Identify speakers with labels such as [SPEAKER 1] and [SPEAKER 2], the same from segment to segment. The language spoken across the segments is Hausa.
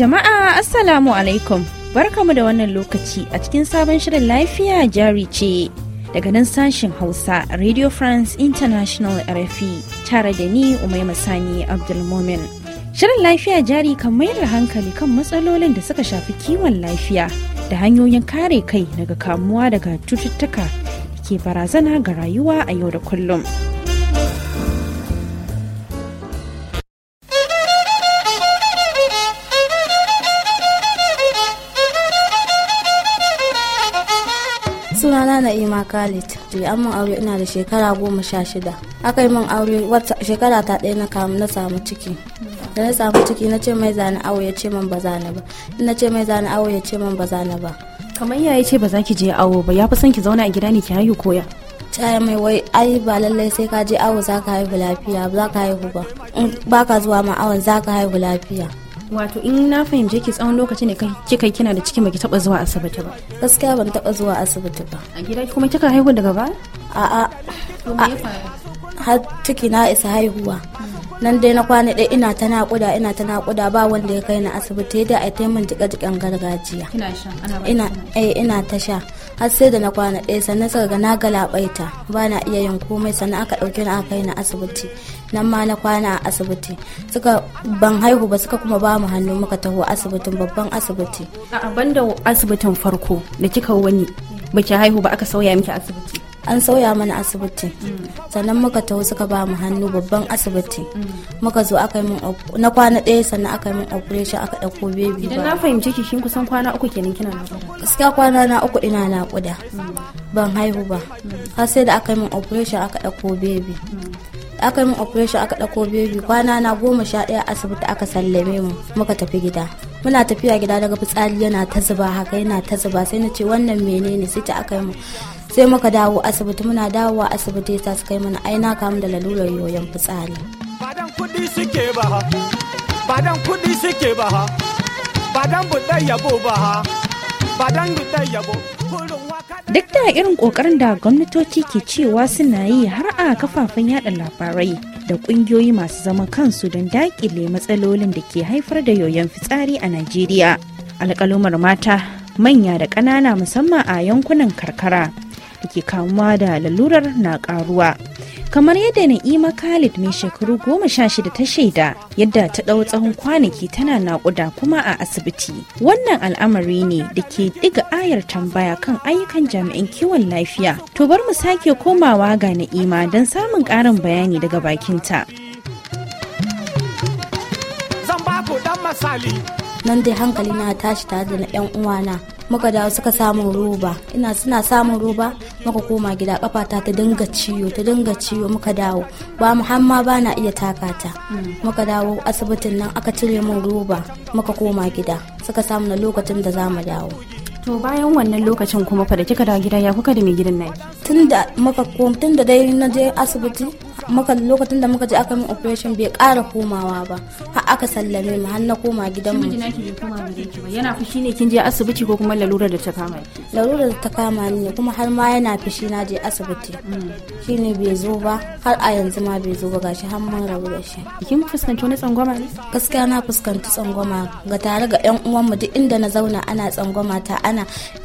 [SPEAKER 1] Jama'a Assalamu alaikum barkamu da wannan lokaci a cikin sabon shirin lafiya jari ce daga nan sashen Hausa Radio France International RFI tare da ni Umaima Sani Abdulmomin. Shirin lafiya jari kan mayar da hankali kan matsalolin da suka shafi kiwon lafiya da hanyoyin kare kai daga kamuwa daga cututtuka ke barazana ga rayuwa a yau da kullum.
[SPEAKER 2] sunana na ima khalid an min aure ina da shekara goma sha shida aka yi min aure shekara ta ɗaya na kamu na samu ciki da na samu ciki na ce mai zane awo ya ce min ba zane ba na ce mai zane awo ya ce min ba zane ba
[SPEAKER 1] kamar ya ce ba za ki je awo
[SPEAKER 2] ba ya fi son ki zauna a gida ne ki haihu koya caya mai wai ai ba lallai sai ka je awo za ka haihu lafiya ba za ka haihu ba in ba ka zuwa ma awon za ka haihu lafiya wato in na fahimce ki tsawon lokacin da kika kina da cikin baki taba zuwa asibiti ba gaskiya ban taba zuwa asibiti ba a gida kuma kika haihu daga baya. a a har ciki na isa haihuwa hmm. nan dai na kwana ɗaya ina ta naƙuda ina ta naƙuda ba wanda ya kai na asibiti dai a ta min jika jikan gargajiya ina eh ina ta sha har sai da na kwana ɗaya sannan saka ga na galabaita ba na iya yin komai sannan aka ɗauke ni aka kai na asibiti nan ma na kwana a asibiti suka ban haihu ba suka kuma ba mu hannu muka taho asibitin babban asibiti a banda asibitin farko da kika wani baki haihu ba aka sauya miki asibiti an sauya mana asibiti sannan muka taho suka ba mu hannu babban asibiti mm. muka zo aka yi min na kwana ɗaya sannan aka yi min operation aka ɗauko bebi idan na fahimci ki kin kusan kwana uku kenan kina naƙuda gaskiya kwana na uku ina naƙuda mm. ban haihu ba mm. har sai da aka yi min operation aka ɗauko bebi aka yi min operation aka ɗauko bebi kwana na goma sha ɗaya asibiti aka sallame mu muka tafi gida muna tafiya gida daga fitsari yana ta zuba haka yana ta zuba sai na ce wannan menene sai ta aka yi mu sai muka dawo asibiti muna dawowa asibiti ta su kai mana ai na da lalurar yoyon fitsari badan kuɗi suke ba ha badan kuɗi suke ba ha badan yabo ba ha badan yabo
[SPEAKER 1] duk da irin kokarin da gwamnatoci ke cewa suna yi har a kafafen yada labarai da kungiyoyi masu zama kansu don daƙile matsalolin da ke haifar da yoyon fitsari a najeriya alkalumar mata manya da ƙanana musamman a yankunan karkara da ke kamuwa da lalurar na karuwa kamar yadda na'ima khalid mai shekaru goma sha shida ta shaida yadda ta ɗau tsawon kwanaki tana naƙuda kuma a asibiti wannan al'amari ne da ke ɗiga ayar tambaya kan ayyukan jami'in kiwon lafiya to bar mu sake komawa ga na'ima don samun ƙarin bayani daga bakinta
[SPEAKER 2] nan dai hankali na tashi tare da na 'yan uwana muka dawo suka samun roba ina suna samun roba muka koma gida kafata ta dinga ciwo ta dinga ciwo muka dawo ba mu hamma ba na iya taka ta muka dawo asibitin nan aka cire min roba muka koma gida suka samu na lokacin da za mu dawo to bayan wannan lokacin kuma fa da kika dawo gida ya kuka da mai gidan naki tunda muka tunda dai na je asibiti muka lokacin da muka je aka min operation bai ƙara komawa ba har aka sallame mu har na koma gidan mu mijina ki bai koma ki ba yana
[SPEAKER 1] fushi ne kin je asibiti ko kuma lalurar da ta kama
[SPEAKER 2] lalura lalurar da ta kama ni ne kuma har ma yana fushi na je asibiti mm. shine bai zo ba har a yanzu ma bai zo ba gashi har mun rabu da shi kin fuskanci wani tsangwama ne gaskiya na fuskanci tsangwama ga tare ga yan uwan mu duk inda na zauna ana tsangwama ta ana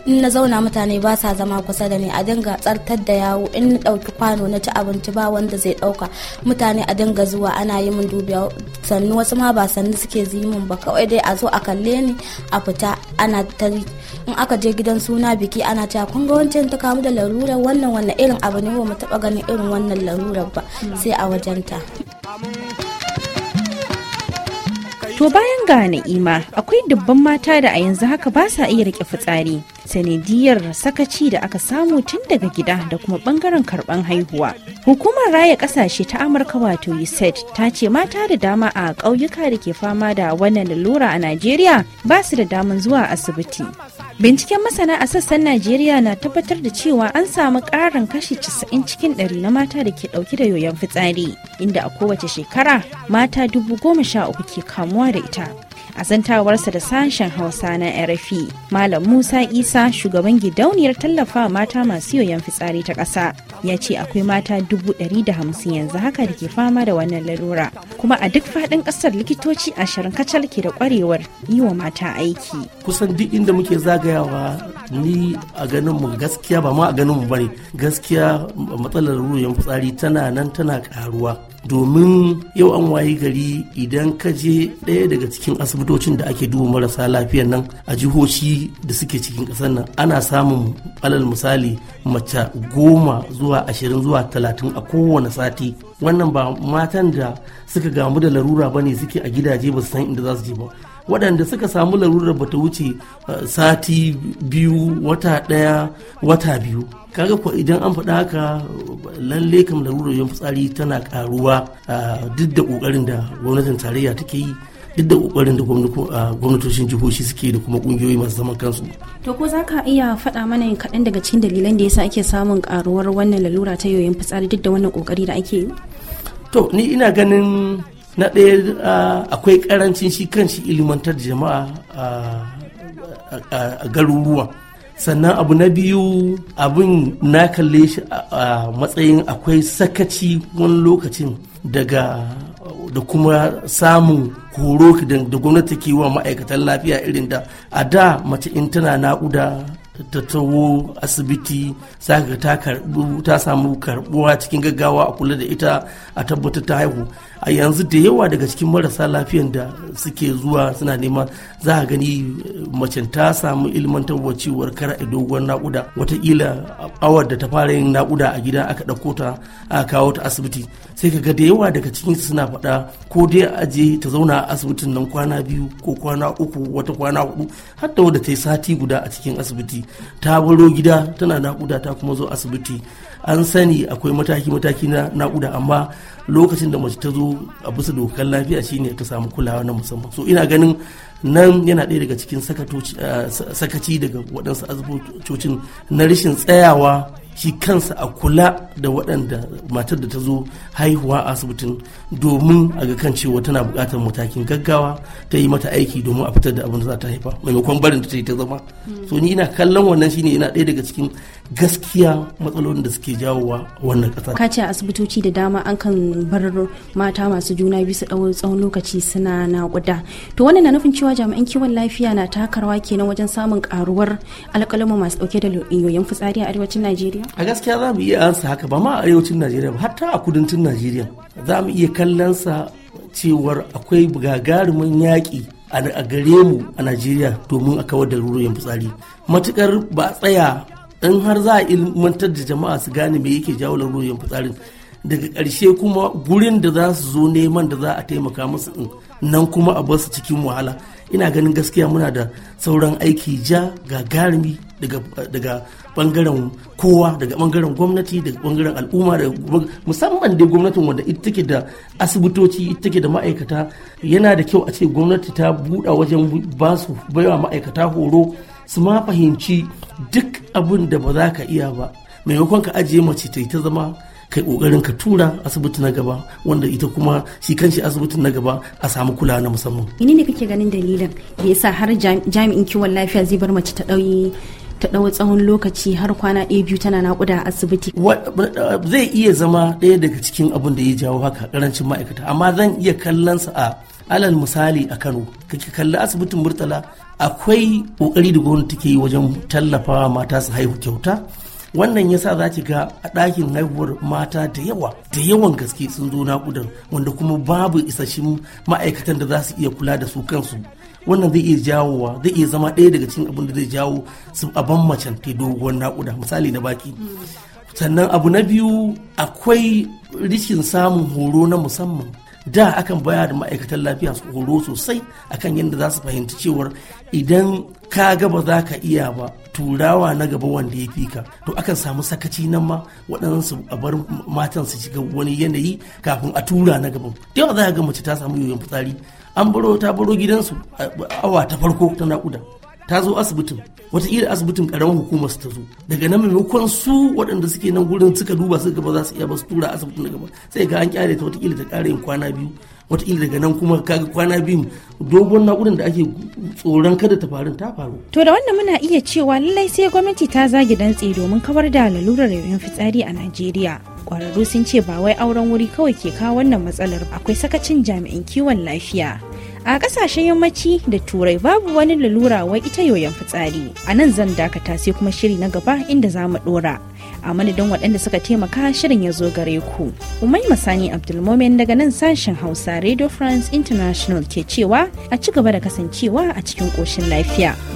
[SPEAKER 2] in na zauna mutane ba sa zama kusa da ni a dinga tsartar da yawo in na ɗauki kwano na ci abinci ba wanda zai dauka mutane a dinga zuwa ana yi min dubiya sannu wasu ma ba sannu suke zimun ba kawai dai a zo a kalle ni a fita ana ta in aka je gidan suna biki ana cewa kun ga wancan ta kamu da larurar wannan wannan irin abu ne ba mu taba ganin irin wannan larurar ba sai a wajen ta.
[SPEAKER 1] To bayan ga na'ima akwai dubban mata da a yanzu haka ba sa iya rike fitsari sanadiyar sakaci da aka samu tun daga gida da kuma bangaren karban haihuwa. Hukumar Raya Kasashe ta Amurka wato USAID ta ce mata da dama a ƙauyuka da ke fama da wannan lalura a Najeriya ba su da daman zuwa asibiti. Binciken masana a sassan Najeriya na tabbatar da cewa an samu ƙarin kashi 90 cikin 100 na mata da ke ɗauke da yoyon fitsari, inda a kowace shekara mata dubu goma sha uku ke kamuwa da ita. A zantawarsa da sashen Hausa na RFI, Malam Musa Isa shugaban gidauniyar tallafa mata masu yoyon fitsari ta ƙasa, ya ce akwai mata dubu ɗari da hamsin yanzu haka da ke fama da wannan lalura kuma a duk faɗin ƙasar likitoci ashirin kacal ke da ƙwarewar yi wa mata aiki
[SPEAKER 3] kusan duk inda muke zagayawa ni a ganin mu gaskiya ba ma a ganin mu bane gaskiya matsalar ruwan fitsari tana nan tana karuwa domin yau an wayi gari idan ka je ɗaya daga cikin asibitocin da ake duba marasa lafiyar nan a jihohi da suke cikin ƙasar nan ana samun alal misali mace goma zuwa ashirin zuwa talatin a kowane sati wannan ba matan da suka gamu da larura ba ne suke a gidaje ba su san inda za su je ba waɗanda suka samu larura ba ta wuce eh, sati biyu wata ɗaya wata biyu kaga ko idan an faɗa haka lalle kam larurar fitsari tana karuwa duk da kokarin da gwamnatin tarayya take yi duk da kokarin da gwamnatocin jihohi suke da kuma kungiyoyi masu zaman kansu.
[SPEAKER 1] To ko za ka iya faɗa mana kaɗan daga cikin dalilan da yasa ake samun karuwar wannan lalura ta yoyin fitsari duk da wannan kokari da ake yi?
[SPEAKER 3] To ni ina ganin na ɗaya akwai karancin shi kan shi ilimantar jama'a a garuruwa sannan abu na biyu abin na kalle shi a matsayin akwai sakaci wani lokacin daga da kuma samun horo da gwamnati ke wa ma'aikatan lafiya irin da a da mace in tana naƙuda ta tawo asibiti ta ta samu karbuwa cikin gaggawa a kula da ita a tabbatar ta haihu a yanzu da yawa daga cikin marasa lafiyan da suke zuwa suna nema za a gani eh, macen ta samu ilmantarwa cewar kara a doguwar nakuda watakila awar da ta fara yin nakuda a gida aka ɗauko ta a kawo ta asibiti sai ka ga da yawa daga cikin suna faɗa ko dai a aje ta zauna a asibitin nan kwana biyu ko kwana uku wata kwana hudu hatta wadda ta yi sati guda a cikin asibiti ta baro gida tana nakuda ta kuma zo asibiti an sani akwai mataki-mataki na nakuda amma lokacin da mace ta zo a bisa dokar lafiya shine ta samu kulawa na musamman so ina ganin nan yana ɗaya daga cikin eh, sakaci daga waɗansu asibitocin na rashin tsayawa shi kansa a kula da waɗanda matar da ta zo haihuwa a asibitin domin a ga kan cewa tana buƙatar matakin gaggawa ta yi mata aiki domin a fitar da abin da za ta haifa maimakon barin ta ta zama so ni ina kallon wannan shine yana ɗaya daga cikin gaskiya matsalolin da suke jawo jawowa wannan ƙasa ka
[SPEAKER 1] ce asibitoci da dama an kan bar mata masu juna biyu su ɗau tsawon lokaci suna naƙuda to wannan na nufin cewa jami'an kiwon lafiya na takarwa kenan wajen samun karuwar alƙaluma masu ɗauke da yoyon fitsari a arewacin najeriya
[SPEAKER 3] a gaskiya za mu iya ansa haka ba ma a arewacin najeriya ba hatta a kudancin najeriya za mu iya kallon sa cewar akwai gagarumin yaƙi a gare mu a najeriya domin a kawar da ruruyan fitsari matukar ba tsaya in har za a ilmantar da jama'a su gane me yake jawo laruroyin fitsari daga karshe kuma gurin da za su zo neman da za a taimaka musu din nan kuma a basu cikin wahala ina ganin gaskiya muna da sauran aiki ja gagarumi daga bangaren kowa daga bangaren gwamnati daga bangaren al'umma musamman dai gwamnatin wanda ita take da asibitoci ita take da ma'aikata yana da kyau a ce gwamnati ta buɗa wajen basu baiwa ma'aikata horo su ma fahimci duk abin da ba za ka iya ba maimakon ka ajiye mace ta zama kai kokarin ka tura asibiti na gaba wanda ita kuma shi kanshi asibitin na gaba a samu kula na musamman
[SPEAKER 1] ne kake ganin dalilin da yasa har jami'in kiwon lafiya zai bar mace ta ta ɗau tsawon lokaci har kwana ɗaya biyu tana naƙuda a asibiti.
[SPEAKER 3] Zai iya zama ɗaya daga cikin abin da ya jawo haka ƙarancin ma'aikata, amma zan iya kallon sa a alal misali a Kano, kake kalli asibitin Murtala akwai ƙoƙari da gwamnati take yi wajen tallafawa mata su haihu kyauta. wannan yasa za ki ga a ɗakin haihuwar mata da yawa da yawan gaske sun zo naƙudan wanda kuma babu isasshen ma'aikatan da za su iya kula da su kansu wannan zai iya jawowa zai iya zama ɗaya daga cikin abin da zai jawo su a ban macen ta doguwar naƙuda misali na baki sannan abu na biyu akwai rikin samun horo na musamman da akan baya da ma'aikatan lafiya su horo sosai akan yadda za su fahimci cewar idan ka gaba za ka iya ba turawa na gaba wanda ya fi ka to akan samu sakaci nan ma waɗansu a bar matan su shiga wani yanayi kafin a tura na gaban yawa za ka ga mace ta samu yoyon fitsari an baro ta baro gidansu awa ta farko ta nakuda ta zo asibitin wataƙila asibitin karamar hukumar su ta zo daga nan maimakon su waɗanda suke nan gurin suka duba suka gaba za su iya ba su tura asibitin na gaba sai ga an kyale ta wataƙila ta ƙara yin kwana biyu wataƙila daga nan kuma kaga kwana biyu dogon na'urar da ake tsoron kada ta faru ta faru.
[SPEAKER 1] to da wannan muna iya cewa lallai sai gwamnati ta zagi dantse domin kawar da lalurar yoyon fitsari a najeriya kwararru sun ce ba wai auren wuri kawai ke kawo wannan matsalar akwai sakacin jami'in kiwon lafiya a kasashen yammaci da turai babu wani lalura wai ita yoyon fitsari a nan zan dakata sai kuma shiri na gaba inda za mu dora a madadin waɗanda suka taimaka shirin ya zo gare ku umai masani abdulmomen daga nan sashen hausa radio france international ke cewa a ci gaba da kasancewa a cikin
[SPEAKER 2] ƙoshin lafiya